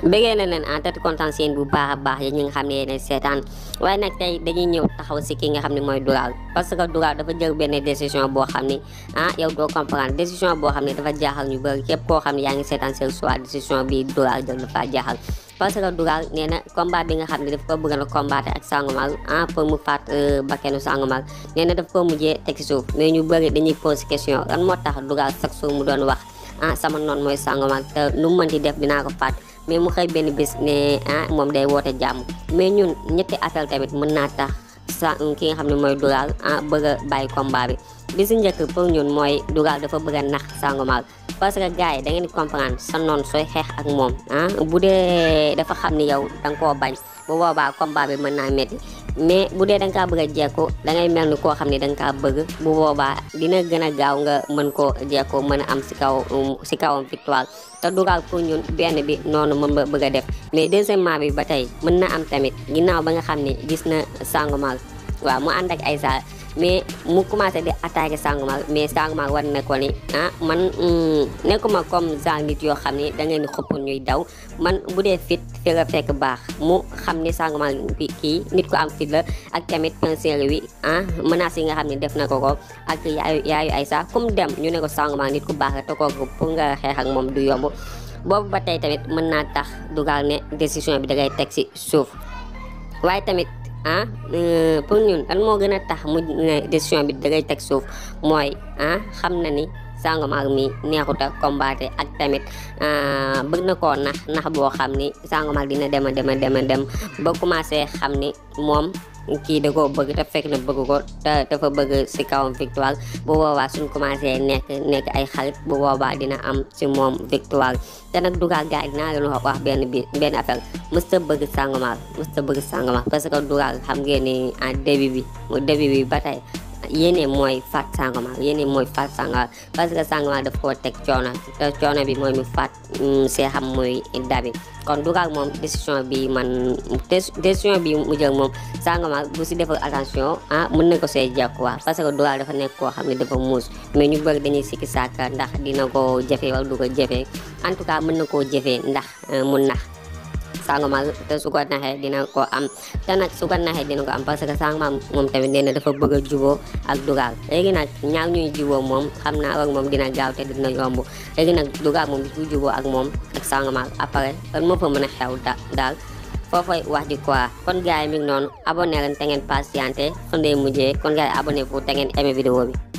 bëggee na leen en ah, tête kontaan seen bu baax a baax yi ñi nga xam ne yéen seetaan waaye nag tey dañuy ñëw taxaw si kii nga xam ne mooy Doura parce que Doura dafa jël benn décision boo xam ne ah yow décision boo xam ne dafa jaaxal ñu bëri képp koo xam ne yaa ngi seetaan seen soit décision bi Doura jël dafa jaaxal que Doura nee na combat bi nga xam ne daf ko bëgg na combattre ak Sangomar ah pour mu faat euh, bakkenu Sangomar nee na daf ko mujje teg ci suuf mais ñu bëri dañuy pose question lan moo tax Doura chaque jour mu doon wax ah, sama noonu mooy Sangomar te nu mu def dinaa ko faat mais mu xëy benn bis ne ah moom day woote jàmm mais ñun ñetti appel tamit mën naa tax sa ki nga xam ne mooy Dugal ah baay a bàyyi combat si njëkk pour ñun mooy Dugal dafa bëgg a nax Sangomar parce que gars yi da ngeen di comprendre sa noon sooy xeex ak moom ah bu dee dafa xam ni yow da nga koo bañ bu boobaa combat bi mën naa métti mais bu dee da nga kaa bëgg a jekku da mel ni koo xam ne da nga kaa bëgg bu boobaa dina gën a gaaw nga mën koo jekku mën a am si kaw si kawam victoire te dugal ko ñun benn bi noonu mën ba bëgg a def mais deuxièmement bi ba tey mën na am tamit ginaaw ba nga xam ne gis na Sangomar waaw mu ànd ak Aïssa mais mu commencé di attaqué Sangomar mais Sangomar war na ko ni ah, man mm, nekkuma comme genre nit yoo xam ne da ngeen di xëpp ñuy daw man bu dee fit fi la fekk baax mu xam ne Sangomar kii nit ko am fit la ak tamit pincelle wi ah menaces yi nga xam ne def na ko ko ak yaayu yaayu ay saa comme dem ñu ne ko Sangomar nit ku baax la te kooku pour nga xeex ak moom du yomb boobu ba tey tamit mën naa tax dugal ne décision bi da ngay teg ci suuf waaye tamit. ah euh, pour ñun lan moo gën a tax mu ne décision bi dangay teg suuf mooy ah xam na ni Sangomar mi neexut a combattre ak tamit euh, bëgg na koo nax nax boo xam ni Sangomar dina dem a dem a dem a dem ba commencé xam ni moom. kii da koo bëgg te fekk na bëgg ko te dafa bëgg si kawam victoire bu boobaa suñ commencé nekk nekk ay xarit bu boobaa dina am si moom victoire te nag Dougar gars yi wax benn bi benn affaire mësta bëgg Sangomar mësta bëgg Sangomar parce que Dougar xam ngeen ni bi mu bi ba tey yéene mooy faat Sangomar yéene mooy faat Sangomar parce que Sangomar daf koo teg coono te coono bi mooy mu faat seexam muy dabi kon du ak moom décision bi man décision bi mu jël moom Sangomar bu si defal attention ah mën na ko see jàkkuwaat parce que Dugal dafa nekk koo xam ne dafa muus mais ñu bëri dañuy sikki sàkk ndax dina ko jafe wala du ko jafe en tout cas mën na koo jëfee ndax euh, mu nax sang ma te su ko naxee dina ko am te nag su ko naxee dina ko am parce que sang moom tamit nee na dafa bëgg a juboo ak dugaag léegi nag ñaar ñuy juboo moom xam naa ak moom dina gaaw te dina yomb léegi nag dugaag moom du juboo ak moom ak sang ma après kon fa mën a xew daal foofay wax di quoi kon gars mi noonu abonné leen te ngeen patienté fan mujjee kon gars yi abonné pour te ngeen bi